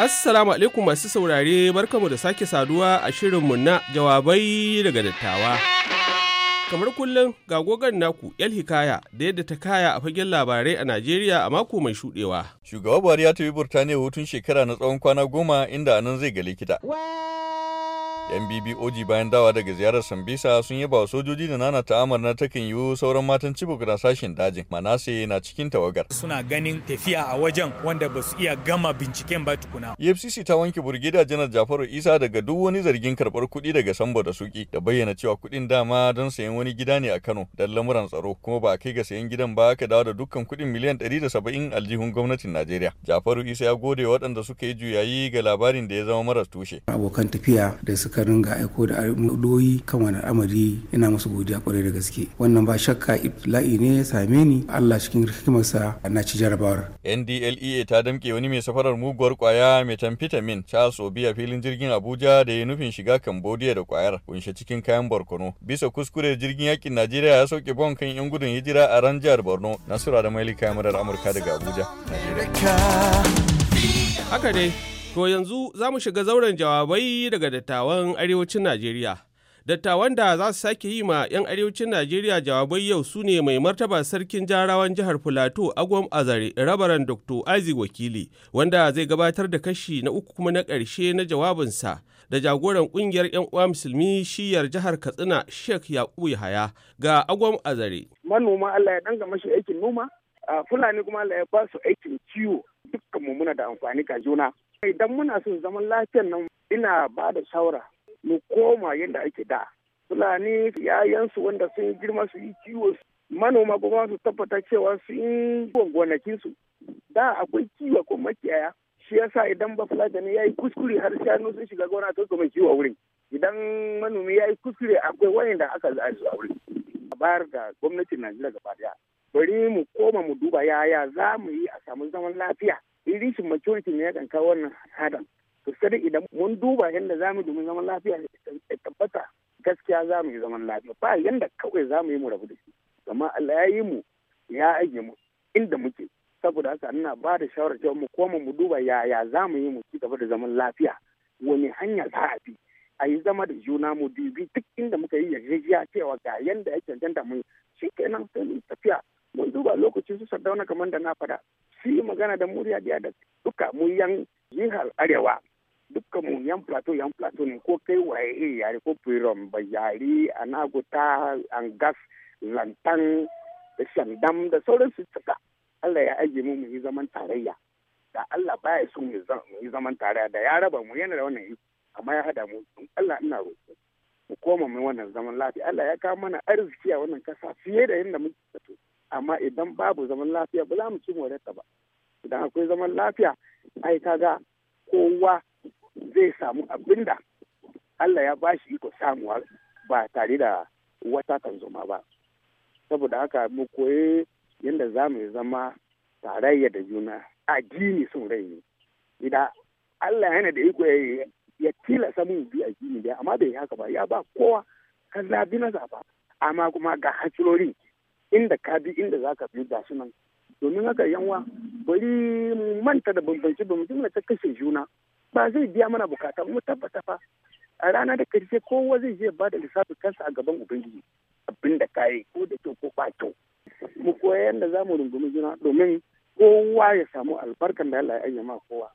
Assalamu alaikum masu saurare barkamu da sake saduwa a shirinmu na jawabai daga dattawa. Kamar kullum ga gogon naku El Hikaya da yadda ta kaya a fagen labarai a Najeriya a mako mai shudewa. Shugaba Buhari ya tafi Burtaniya hutun shekara na tsawon kwana goma inda anan zai ga likita. yan bbog bayan dawa daga ziyarar sambisa sun yaba wa sojoji da nana ta'amar na takan yiwu sauran matan cibok na sashen dajin manase na cikin tawagar suna ganin tafiya a wajen wanda ba su iya gama binciken ba tukuna efcc ta wanke burgida janar jafaru isa daga duk wani zargin karbar kuɗi daga sambo da suki da bayyana cewa kuɗin dama don sayan wani gida ne a kano don lamuran tsaro kuma ba a kai ga sayan gidan ba aka dawo da dukkan kuɗin miliyan ɗari da saba'in aljihun gwamnatin najeriya jafaru isa ya gode waɗanda suka yi juyayi ga labarin da ya zama maras tushe abokan tafiya da suka suka ringa aiko da doyi kan wani amari ina musu godiya kwarai da gaske wannan ba shakka ibtila'i ne ya same ni Allah cikin hikimarsa na ci jarabawar NDLEA ta damke wani mai safarar muguwar kwaya tamfitamin Charles Obi a filin jirgin Abuja da ya nufin shiga Cambodia da kwayar kunshe cikin kayan barkono bisa kuskure jirgin yakin Najeriya ya sauke bon kan yan gudun hijira a ran jihar Borno Nasura da Mailika Amurka daga Abuja To yanzu za mu shiga zauren jawabai daga dattawan arewacin Najeriya. Dattawan da za su sake yi ma 'yan arewacin Najeriya jawabai yau su ne mai martaba sarkin jarawan jihar Filato Agwam Azare rabaran Dr. Azi Wakili wanda zai gabatar da kashi na uku kuma na ƙarshe na jawabinsa da jagoran ƙungiyar 'yan uwa musulmi shiyar jihar Katsina Sheikh Yakubu Yahaya ga Agwam Azare. Manoma Allah ya danga mashi aikin noma, Fulani kuma Allah ya ba su aikin ciwo dukkan mummuna da amfani ga juna. Idan muna son zaman lafiyar nan ina ba da saura. mu koma yadda ake da. Fulani yayansu wanda sun girma su yi kiwo manoma kuma su tabbata cewa sun gwanakin su. Da akwai kiwo ko makiyaya shi yasa idan ba fulani ya yi kuskure har shanu sun shiga gona to kuma kiwo wurin. Idan manomi yayi kuskure akwai wani da aka za a wurin. A bayar da gwamnatin Najeriya gaba daya. Bari mu koma mu duba yaya za mu yi a samu zaman lafiya. rishin maturity ne ya kanka wannan hadan to sai idan mun duba yadda za mu domin zaman lafiya ya tabbata gaskiya za mu yi zaman lafiya ba yadda kawai za mu yi mu rabu da shi amma Allah ya yi mu ya aje mu inda muke saboda haka ina ba da shawarar cewa mu koma mu duba yaya za mu yi mu ci gaba da zaman lafiya wani hanya za a bi a yi zama da juna mu dubi duk inda muka yi yarjejiya cewa ga yadda ya cancanta mu shi kenan sai mu tafiya mun duba lokacin su sardauna kamar da na fada su yi magana da murya biya da duka mu yan jihar arewa duka mu yan plateau yan plateau ne ko kai waye iri yare ko firon bayari anaguta angas lantan da shandam da sauransu suka allah ya ajiye mu mu yi zaman tarayya da allah baya so mu yi zaman tarayya da ya raba mu yana da wannan iko amma ya hada mu allah ina roƙo mu koma mu wannan zaman lafiya allah ya kawo mana arziki a wannan kasa fiye da yadda muke amma idan babu zaman lafiya ba za mu ci morata ba idan akwai zaman lafiya ai kaga kowa zai samu abinda Allah ya bashi iko samuwa ba tare da wata zoma ba saboda haka mu koyi yadda za mu zama tarayya da juna addini sun rai ne idan Allah yana da iko ya ya tilasa mun bi addini da amma bai haka ba ya ba kowa kan labi na zaba amma kuma ga hancilori inda ka bi inda za ka bi gasu nan domin haka yanwa bari mu manta da bambanci bambance mu ta kashe juna ba zai biya mana bukata mu tabbata fa a rana da karshe kowa zai je ba da lissafin kansa a gaban ubangiji abin da kayi ko da kyau ko ba kyau mu koya yadda za mu rungumi juna domin kowa ya samu albarkan da Allah ya ayyama kowa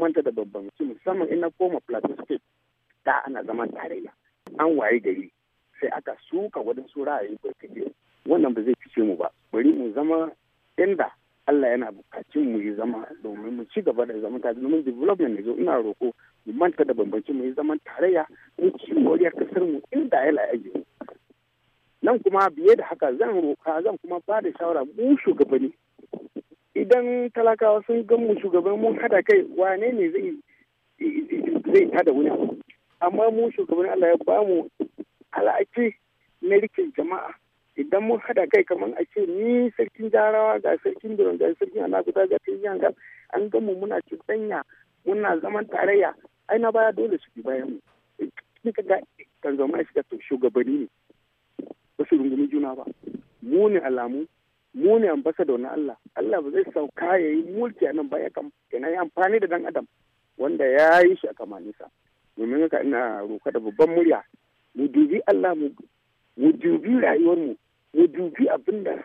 manta da bambanci musamman ina koma plateau state da ana zaman tarayya an waye gari sai aka suka wadansu ra'ayi barkatai wannan ba zai fice mu ba bari mu zama inda Allah yana bukacin mu yi zama domin mu ci gaba da zama tare domin development yanzu ina roko mu manta da bambanci mu yi zaman tarayya mu ci moriya kasar mu inda ya la'aji nan kuma biye da haka zan roka zan kuma ba da shawara mu shugabanni idan talakawa sun gan mu shugaban mun hada kai wane ne zai zai tada wani amma mu shugaban Allah ya ba mu al'aki na rikin jama'a idan mun hada kai kamar a ce ni sarkin jarawa ga sarkin birnin ga sarkin anaguda ga sarkin yanga an mu muna cuɗanya muna zaman tarayya ai na baya dole su bi bayan mu ka ga kan zama shi ga shugabanni ne ba su rungumi juna ba mu ne alamu mu ne ambassador na Allah Allah ba zai sauka ya yi mulki a nan ba ya yi amfani da dan adam wanda ya yi shi a kamanisa domin haka ina roka da babban murya mu dubi Allah mu mu dubi rayuwarmu mu dubi abin da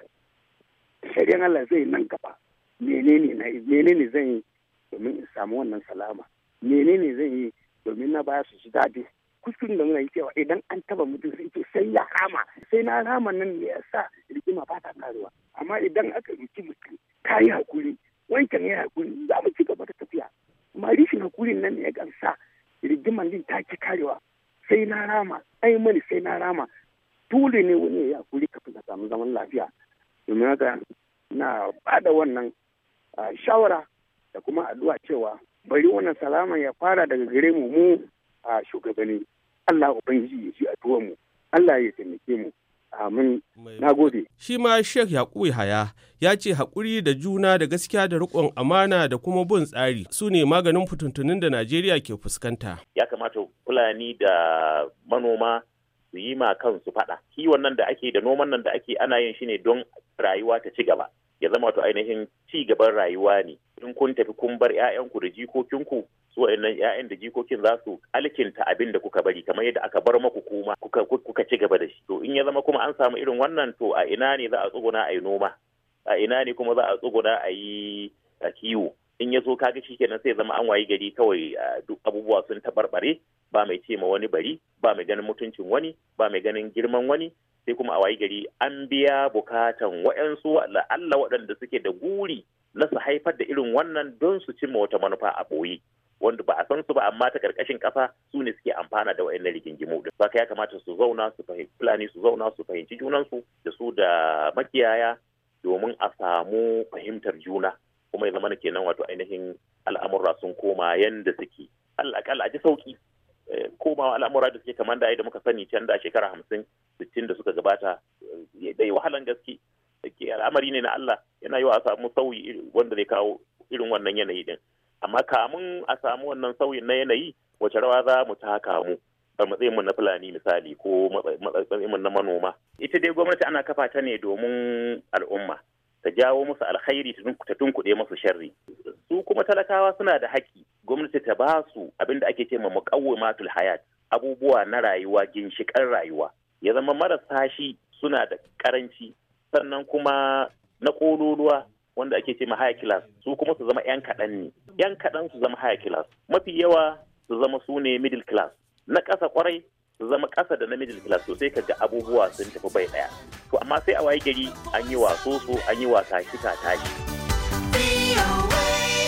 shari'an Allah zai nan gaba menene na menene zan yi domin in samu wannan salama menene zan yi domin na baya su ji daɗi kuskuren da muna yi cewa idan an taba mutum sai ce sai ya rama sai na rama nan ne ya sa rigima ba ta karuwa amma idan aka ruki mutum ka yi hakuri wankan ya hakuri za mu ci gaba da tafiya amma rishin hakurin nan ne ya gamsa rigiman din ta ki karewa sai na rama ai mani sai na rama dole ne wani ya yi hakuri kafin a samu zaman lafiya domin haka na ba da wannan shawara da kuma addu'a cewa bari wannan salama ya fara daga gare mu mu a shugabanni Allah ubangiji ya ji addu'ar mu Allah ya taimake mu amin na gode shi ma Sheikh Yakubu Haya ya ce haƙuri da juna da gaskiya da riƙon amana da kuma bin tsari su ne maganin fituntunin da Najeriya ke fuskanta ya kamata Fulani da manoma su yi ma kansu faɗa kiwon nan da ake da noman nan da ake ana yin shi ne don rayuwa ta ci gaba ya zama to ainihin ci gaban rayuwa ne in kun tafi kun bar 'ya'yanku da jikokinku su wa'annan 'ya'yan da jikokin za su alkinta abin da kuka bari kamar yadda aka bar maku kuma kuka, ci gaba da shi to in ya zama kuma an samu irin wannan to a ina ne za a tsuguna a yi noma a ina ne kuma za a tsuguna a yi kiwo in ya zo kaga shi kenan sai zama an wayi gari kawai duk abubuwa sun taɓarɓare ba mai ce ma wani bari ba mai ganin mutuncin wani ba mai ganin girman wani sai kuma a wayi gari an biya bukatan waɗansu Allah waɗanda suke da guri na su haifar da irin wannan don su cimma wata manufa a ɓoye wanda ba a san su ba amma ta karkashin kafa su ne suke amfana da wayannan rigingimu din saka ya kamata su zauna su fahimci fulani su zauna su fahimci junansu da su da makiyaya domin a samu fahimtar juna kuma ya zama kenan wato ainihin al'amurra sun koma yanda suke al'akal a ji sauki Eh, komawa al'amura da suke kamar da da muka sani can da shekara hamsin sittin da suka gabata eh, dai wahalan gaske al'amari ne na Allah yana yiwa a samu sauyi wanda zai kawo irin wannan yanayi din amma kamun a samu wannan sauyin na yanayi wace rawa za mu taka mu a matsayinmu na fulani misali ko matsayinmu na manoma ita dai gwamnati ana kafa ta ne domin al'umma ta jawo musu alkhairi ta tunkuɗe musu sharri su kuma talakawa suna da haƙƙi gwamnati ta ba su abin da ake ce ma matul hayat abubuwa na rayuwa ginshiƙan rayuwa ya zama marasa shi suna da karanci sannan kuma na ƙololuwa wanda ake ce ma high class su kuma su zama 'yan kaɗan ne 'yan kaɗan su zama high class mafi yawa su zama su ne middle class na ƙasa kwarai su zama ƙasa da na middle class Sosai ka ga abubuwa sun tafi bai ɗaya to amma sai a waye gari an yi waso so an yi wasa kita tashi.